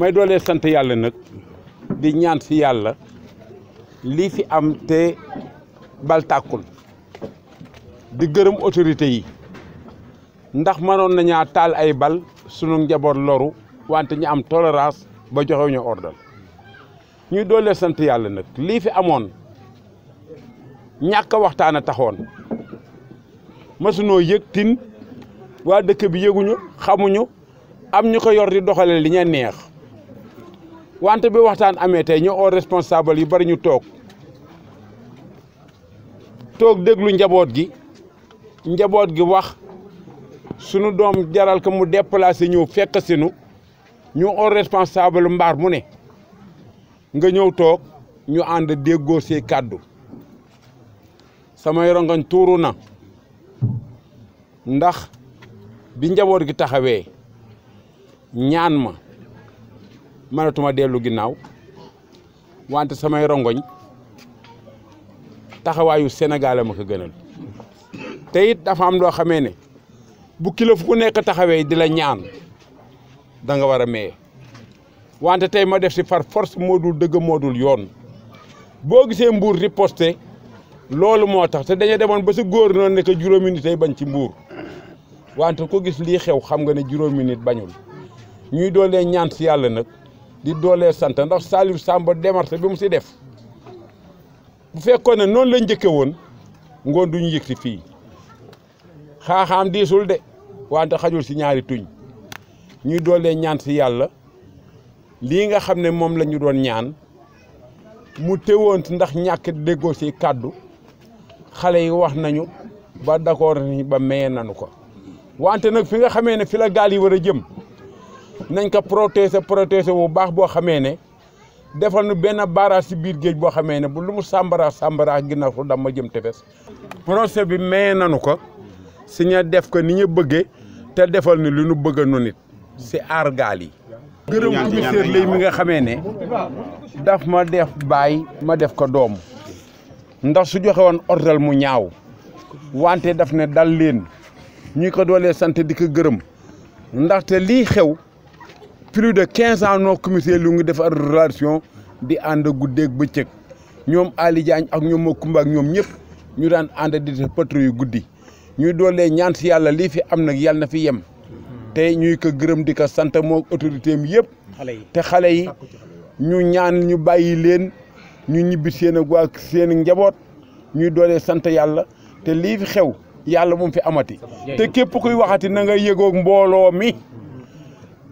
may doolee sant yàlla nag di ñaan si yàlla lii fi am te bal tàkkul di gërëm autorité yi ndax mënoon nañaa taal ay bal sunu njaboot loru wante ñu am tolérance ba joxewuñu ñu ñuy doolee sant yàlla nag lii fi amoon ñàkk a waxtaan a taxoon masunoo yëg tin waa dëkk bi yëguñu xamuñu am ñu ko yor di doxale li ñu neex wante bi waxtaan amé tay ñu or responsable yu bari ñu tok tok deglu njabot gi njabot gi wax suñu dom jaral ko mu déplacer ñu fekk sinu ñu oo responsable mbar mu ne nga ñew tok ñu déggo déggoo cadeau sama yoro ngañ touru na ndax bi njabot gi taxawé ñaan ma mënatuma dellu ginnaaw wante samay rongoñ taxawaayu Sénégal ma ko gënal te it dafa am loo xamee ne bu kilifa ku nekk taxawee di la ñaan danga nga war a maye wante tey ma def si par force moo dul dëgg moo yoon boo gisee mbuur riposte loolu moo tax te dañu demoon ba sa góor noonu ne juróomi nit bañ ci mbuur wante ku gis lii xew xam nga ne juróomi nit bañul ñuy doon leen ñaan si yàlla nag di doolee sant ndax Saliou Samba démarche bi mu si def bu fekkoon ne noonu la njëkke woon ngoon duñu yëg si fii xaaxaam diisul de wante xajul si ñaari tuñ ñuy doolee ñaan si yàlla lii nga xam ne moom la ñu doon ñaan mu teewoon ndax ñàkk déggoo si kàddu xale yi wax nañu ba d'accord ni ba maye nañu ko wante nag fi nga xamee ne fi la gaal yi war a jëm nañ ko protéger protéger bu baax boo xamee ne defal nu benn barrage si biir géej boo xamee ne bu lu mu sàmbaraax sàmbaraax ginnaaw su jëm tefes projet bi may nanu ko si ña def ko ni ñu bëggee te defal ni li ñu bëgg nu si aar gaal yi gërëm commissaire lay mi nga xamee ne daf ma def baay ma def ko doom ndax su joxe woon mu ñaaw wante daf ne dal leen ñu ko doolee sant di ko gërëm ndaxte lii xew plus de quinze ans noo commissaire lu ngi defar relation di ànd guddeeg bëccëg ñoom Ali Diagne ak ñoom Makumba ak ñoom ñëpp ñu daan ànd di def guddi ñuy doole ñaan si yàlla lii fi am nag yàlla na fi yem te ñuy ko gërëm di ko sant moo autorité am yëpp te xale yi ñu ñaan ñu bàyyi leen ñu ñibbi seen ak waa njaboot ñuy doole sant yàlla te lii xew yàlla moom fi amati te képp kuy waxati na nga yëgoog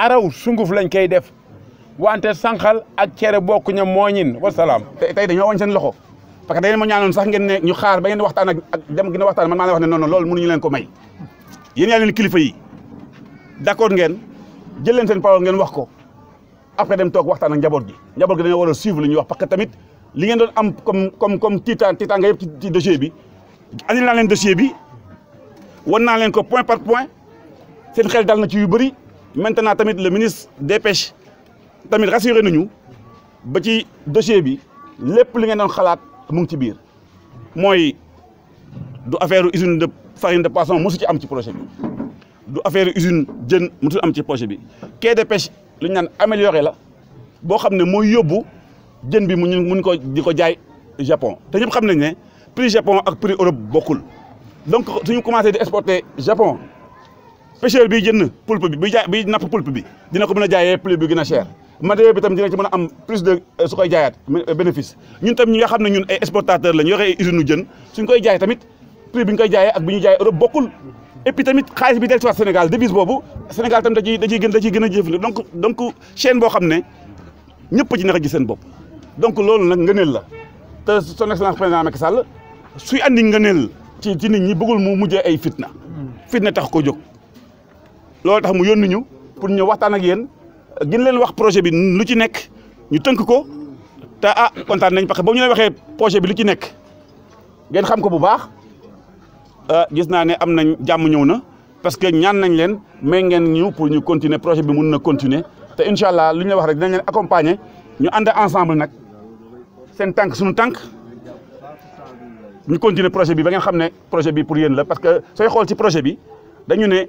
araw sunguf lañ koy def wante sànqal ak cere bokkuña wa salam tay dañu wañ seen loxo parce que da ma ñaanon sax ngeen ne ñu xaar ba ngeen waxtaan ak dem gën a waxtaan man ma lay wax ne non non mënu ñu leen ko may yeen yaa leen kilifa yi d'accord ngeen jël leen seen parole ngeen wax ko après dem tok waxtaan ak njabot gi njabot gi dañu wara suivre li wax parce que tamit li ngeen doon am comme comme comme titan titan nga yépp ci dossier bi andi na leen dossier bi won na leen ko point par point seen xel dal na ci yu bari maintenant le ministre des pêches tamit rassurer nañu ba ci dossier bi li mu ngi ci biir du usine de farine de poisson qui ci un ci projet bi du affaire usine am ci projet bi pêches lu nous la bi Japon te prix Japon ak prix Europe bokul donc suñu commencé exporter Japon pêcheur bi jën pulpe bi bi jaay bi napp pulpe bi dina ko mën a jaayee prix bi gën a cher matériel bi tam dina ci mën a am plus de euh, su koy jaayaat euh, bénéfice ñun tam ñi nga xam ne ñun ay exportateur lañ yore ay usine jën suñ koy jaay tamit prix bi ñu koy jaayee ak bi ñuy jaayee Europe bokkul et puis bi del ci waat Sénégal devise boobu Sénégal tam da ciy da gën da ciy gën a jëfandikoo donc donc chaîne boo xam ne ñëpp ci naka seen bopp donc loolu nag ngëneel la te son excellence président Macky Sall suy andi ngëneel ci ci nit ñi bëggul mu mujjee ay fitna mm. fitna tax ko jóg loolu tax mu yónni ñu pour ñu waxtaan ak yeen giñ leen wax projet bi lu ci nekk ñu teunk ko ta ah contane nañ parce que ba ñu leen waxee projet bi lu ci nekk ngeen xam ko bu baax euh gis naa né am nañ jamm ñëw na parce que ñaan nañ leen may ngeen ñu pour ñu continuer projet bi mun na continuer te inshallah allah wax rek dinañ leen accompagner ñu ànd ensemble nak seen tank suñu tank ñu continuer projet bi ba ngeen xam né projet bi pour yeen la parce que soy xol ci projet bi dañu né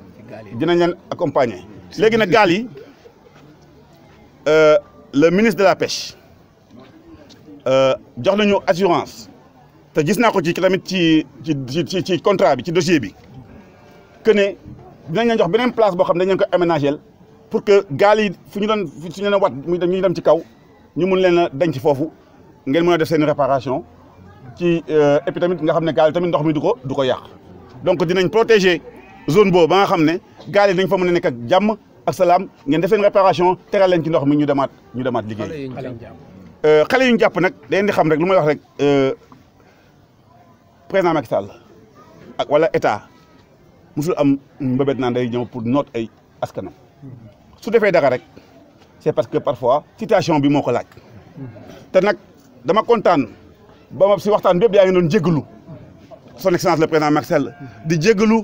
dinañ leen accompagner léegi nag gal yi euh le ministre de la pêche euh jox nañu assurance te gis na ko ci tamit ci ci ci contrat bi ci dossier bi que ne dinañ leen jox benen place bo xam dañ leen ko aménager pour que gal yi fu don doon su leen wat muy ñu dem ci kaw ñu mën leen a denc fofu ngeen mëna def seen réparation ci euh, et puis tamit nga xam ne gaal tamit ndox mi duko duko du donc dinañ protéger zone boobu ba nga xam ne gaal yi dañ fa mëna nek ak jamm ak salam ngeen def leen réparation tegal leen ci ndox mi ñu demaat ñu demaat liggéey. euh xalé yu ñu jàpp nag dañ di xam rek luma wax rek euh président Macky Sall ak wala état musul am mbëbët na day ñew pour note ay askanam su défé dara rek c'est parce que parfois situation bi moko laaj. té nak dama contane ba ma si waxtan bépp yaa ngi doon jégalu son excellence le président Macky Sall di jégalu.